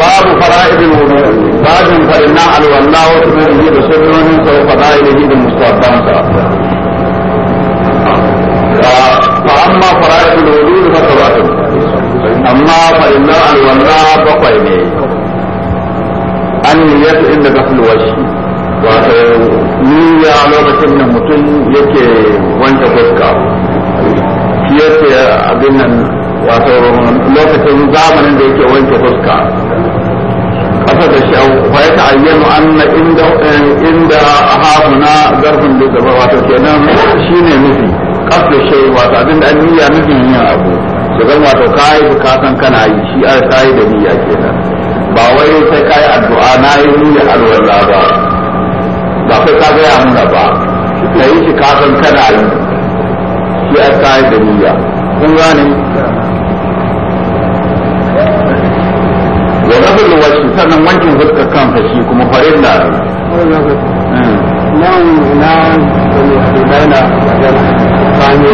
باب فرائض الوضوء باب فرنا الولاء وسننه بسنن وفضائله بالمستحبات فأما فرائض الوضوء فكواكب أما فرنا الولاء فقيني أن يسئل دخل وجهي niyya lokacin da mutum yake wanke fuska shi yake abin nan wato lokacin zamanin da yake wanke fuska kasa da shi fa ya ta'ayyanu anna inda eh, inda na zarfin da zaba wato kenan shine nufi kasa shi wato abinda an niyya nufin yin abu to zan wato kai bukatan kana yi shi a kai da niyya kenan ba wai sai kai addu'a na yi niyya alwala ba ba sai ka ga muna ba kai shi kasan kana yi shi a kai da niyya kun gane sannan wankin fuskar kansa shi kuma farilla nan na daina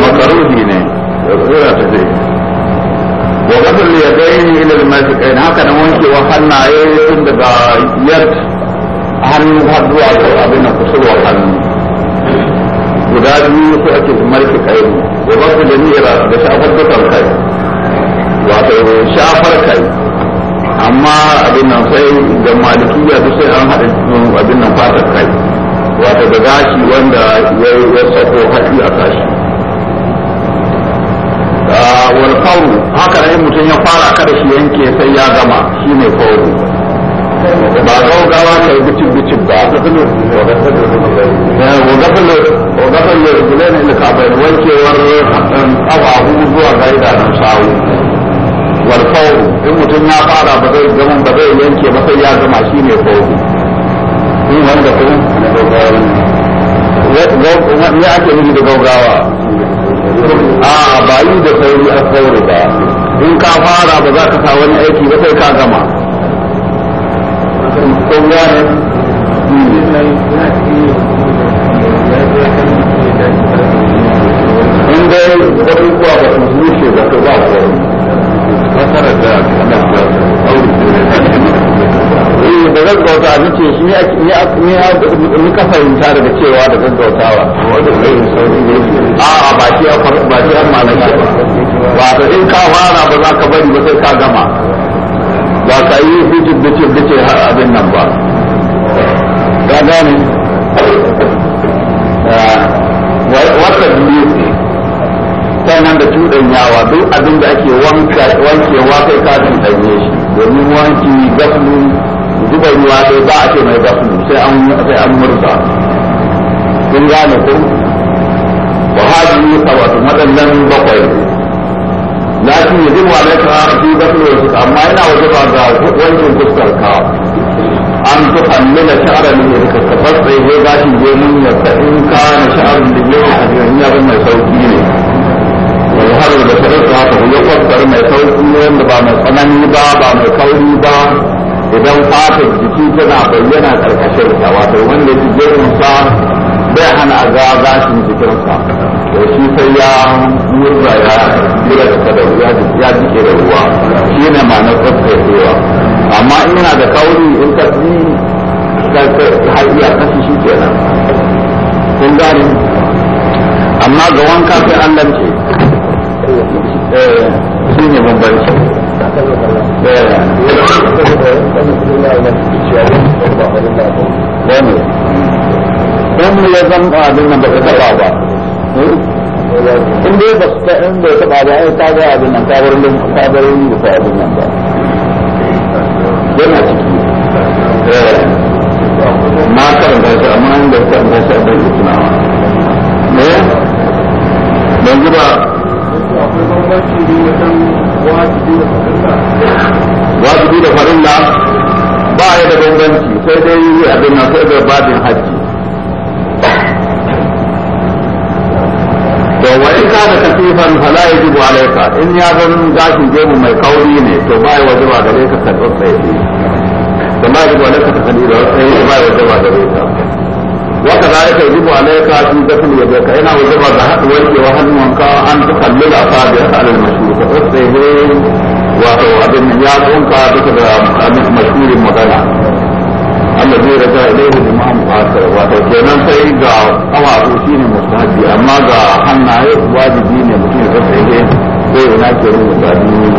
makaruhi ne zura ta dai wa ghasl yadayn ila al-masiqain haka nan wankewa hannaye tun daga yad hannu har zuwa abin da kusurwa hannu guda biyu su ake masiqain wa ghasl jami'a da shafar dukan kai wato shafar kai amma abin nan sai da maliki ya duk sai an haɗa abin nan fata kai wato da gashi wanda ya wasa ko haɗi a kashi wal fauru haka ne mutum ya fara kada shi yanke sai ya gama shine fauru ba gaugawa kai bicin bicin ba wagafin lorgulai ne da kafin wankewar tsawahu zuwa gaida na sawu wal fauru in mutum ya fara ba zai zama ba zai yanke ba sai ya zama shi ne farko in wanda ne ake nufi da a ba yi da sauri a sauri ba in ka fara ba za ka sa wani aiki ba sai ka gama nake shi ne ne ya ni ka fahimta daga cewa da gaggautawa a a ba shi ba shi an malaka ba ba in ka fara ba za ka bari ba sai ka gama ba ka yi hujjib da ce dace har abin nan ba ka gane wata biyu sannan da yawa duk abin da ake wankewa kai kafin ɗanye shi domin wanki gafin zuba ruwa sai ba a ce mai ba su sai an sai an murza kun gane ku wa hadi wato madannan bakwai lakin yaji wa la ta fi bakwai su amma yana waje ba ga wancan fuskar ka an ta kammala sha'ara ne da ka tsaye zai gashi je mun ya ta in ka na sha'arin da yau a jiran ya mai sauki ne wal haru da ta rasa ta kuma kwaddar mai sauki ne wanda ba mai tsanani ba ba mai kauri ba idan fatar jiki tana bayyana karkashin ta wato wanda ke gerin sa bai hana a ga gashin jikinsa to shi sai ya murza ya jira da kada ya jike da ruwa shi ne ma na tsaftacewa amma ina da kauri in ka fi har iya kashi shi kenan kun gane amma ga wanka sai an lance eh, shi ne bambanci san abin nan ba ta taba ba in dai ba su ta in bai taba ba ai ta ga abin nan ta bar lin ta bar lin da abin nan ba yana ciki ma karanta shi amma in bai karanta shi yi ne ban ba wajibi da farilla ba ya da bambanci sai dai abin nan sai da alaika in ya zan gashin gemu mai kauri ne to bai ya waje ba gare ka karɓar tsaye da ma yi wani kasa kadi da wasu yi ba ya waje ba gare ka wata da yake yi ba alaika sun zafin ya zaka yana waje ba da haɗu wa hannunka an ta kalli da ta da ta alal mashi ka tsaye wato abin ya tsunka duka da mashurin magana Allah zai raja ilaihi bi ma'am qasir wato kenan sai ga kawa shine wajibi amma ga hannaye wajibi ne mutum ya zai ko ina ke rubuta duniya